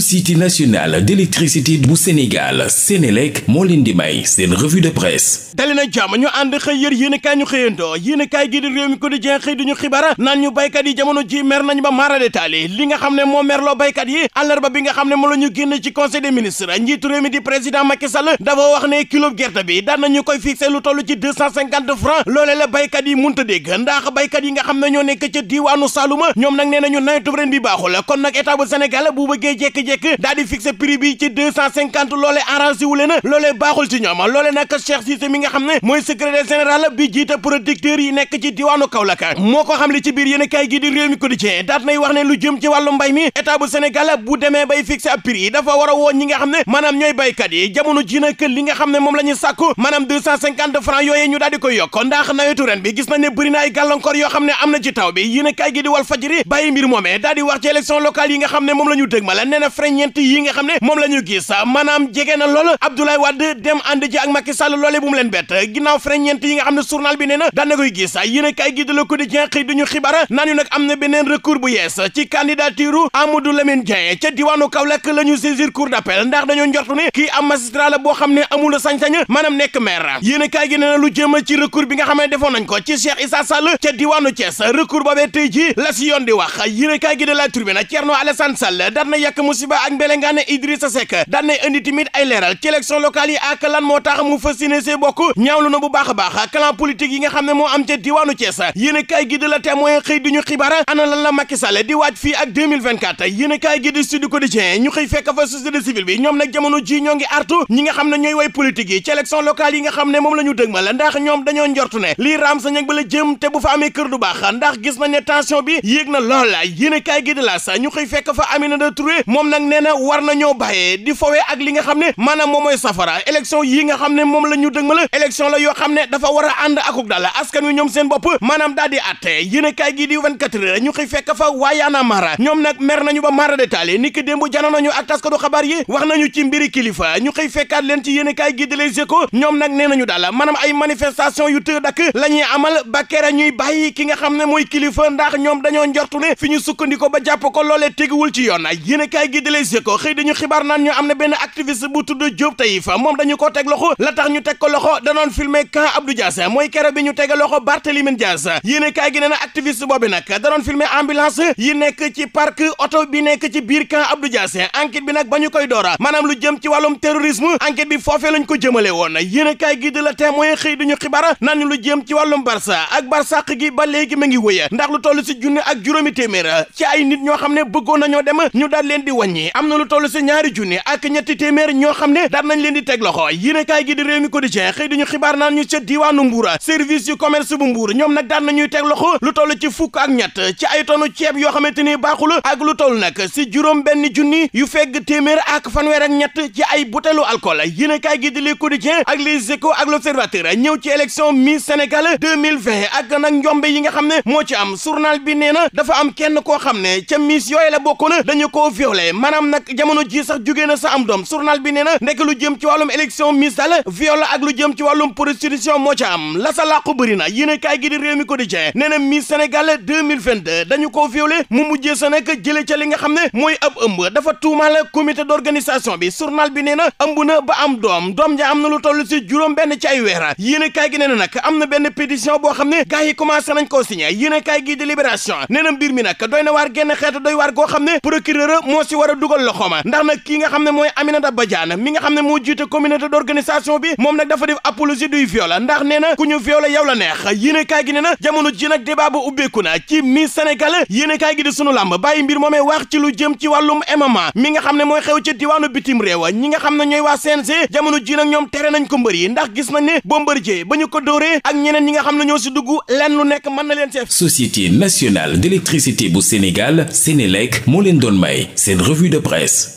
société nationale d'électricité bu Sénégal Sénélec moo leen di may seen revue de presse dali na ñu ànd xëy yër yéen ñu xëyandoo yéen gi di réew mi quotidien xëy duñu xibaar naan ñu béykat yi jamono ji mer nañu ba maaradetaali li nga xam ne moo merloo béykat yi àllarba bi nga xam ne moo la génn ci conseil des ministres njiitu réew mi di président Macky dafa wax ne kilo gerte bi daan nañu koy fixé lu toll ci francs loolee jekk jékki daal di fixé prix bi ci deux cent cinquante loolee arrangé wu leen loolee baaxul ci ñoom loolee nag Cheikh Cissé mi nga xam ne mooy secrétaire général bi jiite producteurs yi nekk ci diwaanu Kaolack moo ko xam li ci biir yéen gi di réew mi ko di cee daat nay wax ne lu jëm ci wàllu mbay mi état bu bu demee bay fixé ab prix dafa war a woo ñi nga xam ne maanaam ñooy baykat yi jamono ji nag li nga xam ne moom la sàkku maanaam deux cent ñu daal yoo xam ne am na na freññeent yi nga xam ne moom la gis maanaam jege na lool Abdoulaye Wade dem ànd ji ak Macky Sall loolee bu mu leen bett ginnaaw freññeent yi nga xam ne journal bi nee na daan gis a kaay gi de Le Quotidien xëy duñu xibaar naan ñu nag am na beneen recours bu yees ci candidature Amadou Lamine Dieng ca diwaanu Kaolack la ñu saisir cour d'appel ndax dañoo njortu ne kii am magistrat la xam ne amul sañ-sañ maanaam nekk maire yéen a kaay gi nee lu jëm ci recours a musiba ak mbelengaane Idrissa Seck daan nay indi tamit ay leeral ci élection locale yi ak lan moo tax mu fas yéene bokk ñaawlu na bu baax baax clan politique yi nga xam ne moo am ca diwaanu Thiès yéen a kaay gi de la xëy di ñu ana lan la Macky di waaj fii ak 2024 yéen a kaay gi de Sud Quotidien ñu xëy fekk fa société civile bi ñoom nag jamono ji ñoo ngi artu ñi nga xam ne ñooy way politique yi ci élection locale yi nga xam ne moom sa ñag ba la jëm te bu moom nag nee na war nañoo bàyyee di fowee ak li nga xam ne maanaam moom safara élection yi nga xam ne la ñu dëgmal élection la yoo xam ne dafa war a ànd akuk dal askan wi ñoom seen bopp maanaam daal di atte kaay gii di 24 heures ñu xëy fekk fa waa yaana mara ñoom nag mer nañu ba mara détaillé ni ki dem janoon nañu ak taskatu xabaar yi wax nañu ci mbiri kilifa ñu xëy fekkaat leen ci yéen a kaay gii di les échos ñoom nag nee nañu daal maanaam ay manifestation yu tëdd ak la ñuy amal ba kera ñuy bàyyi ki nga xam ne mooy kilifa ndax ñoom dañoo njortu ne fi ñu sukkandiko ba jàpp ko loole loolee wul ci yoon yéen a kaay gi di Les Échos xëy dañu xibaar naan ñu am na benn activiste bu tudd Diop Taïf moom dañu ko teg loxo la tax ñu teg ko loxo danoon filmer camp Abdou Diass mooy kero bi ñu teg loxo Barthélémy Dias yéene kaay gi nee na activiste boobi nag danoon filmer ambulance yi nekk ci parc oto bi nekk ci biir camp Abdou Diass enquête bi nag ba ñu koy doora maanaam lu jëm ci wàllum terrorisme enquête bi foofee ko jëmale woon yéene kaay gi di la témoin xëy dañu xibaar naan ñu lu jëm ci ne bëggoon nañoo dem ñu wàññi am na lu toll si ñaari junni ak ñetti téeméer ñoo xam ne daan nañ leen di teg loxo yéenekaay gi di Rewmi Quotidien xëy di ñu xibaar naan ñu ca diiwaanu Mbuur service yu commerce bu Mbuur ñoom nag daan teg loxo lu toll ci fukk ak ñett ci ay tonu ceeb yoo xamante ni baaxul ak lu toll nag si juróom benn junni yu fegg téeméer ak fanweer ak ñett ci ay butelu alcool yéenekaay gi di Le Quotidien ak Les Échos ak L'Observateur ñëw ci élection Miss Sénégal 2020 ak nag njombe yi nga xam ne moo ci am journal bi nee na dafa am kenn koo xam ne ca miss yooyu la bokkoon dañu ko violé maanaam nag jamono ji sax jugee na sa am doom journal bi nee na ndek lu jëm ci wàllum élection Miss Dal viol ak lu jëm ci wàllum moo ca am la sa làqu bëri na yéen a kaay gi di réew mi quotidien nee na Miss Sénégal 2022 dañu koo violé mu mujjee sa nag jële ca li nga xam ne mooy ab ëmb dafa tuumaal comité d'organisation bi journal bi nee na ëmb na ba am doom doom ja am na lu toll si juróom benn ci ay weer yéen a kaay gi nee na nag na benn pétition boo xam ne gars yi commencé nañ koo signé yéen a kaay gi di libération na mbir mi nag doy xeet doy waar xam ne procureur moo war a dugal loxooma ndax nag kii nga xam ne mooy Aminata Badiane mi nga xam ne moo jiite communauté d'organisation bi moom nag dafa def apologie du viol ndax nee na ku ñu violé yow la neex yéene kaay gi ne na jamono ji nag débat ba ubbeeku na ci Miss Sénégal yéene kaay gi di sunu làmb bàyyi mbir moomee wax ci lu jëm ci wàllum MMA mi nga xam ne mooy xew ci diwaanu bitim réew ñi nga xam ne ñooy waa CNG jamono ji nag ñoom tere nañ ko mbër yi ndax gis nañ ne Bombardier ba ñu ko dóoree ak ñeneen ñi nga xam ne ñoo si dugg lenn lu nekk mën na leen seef Société nationale d'électricité bu Sénégal Sénélec moo leen doon may seen revue de presse.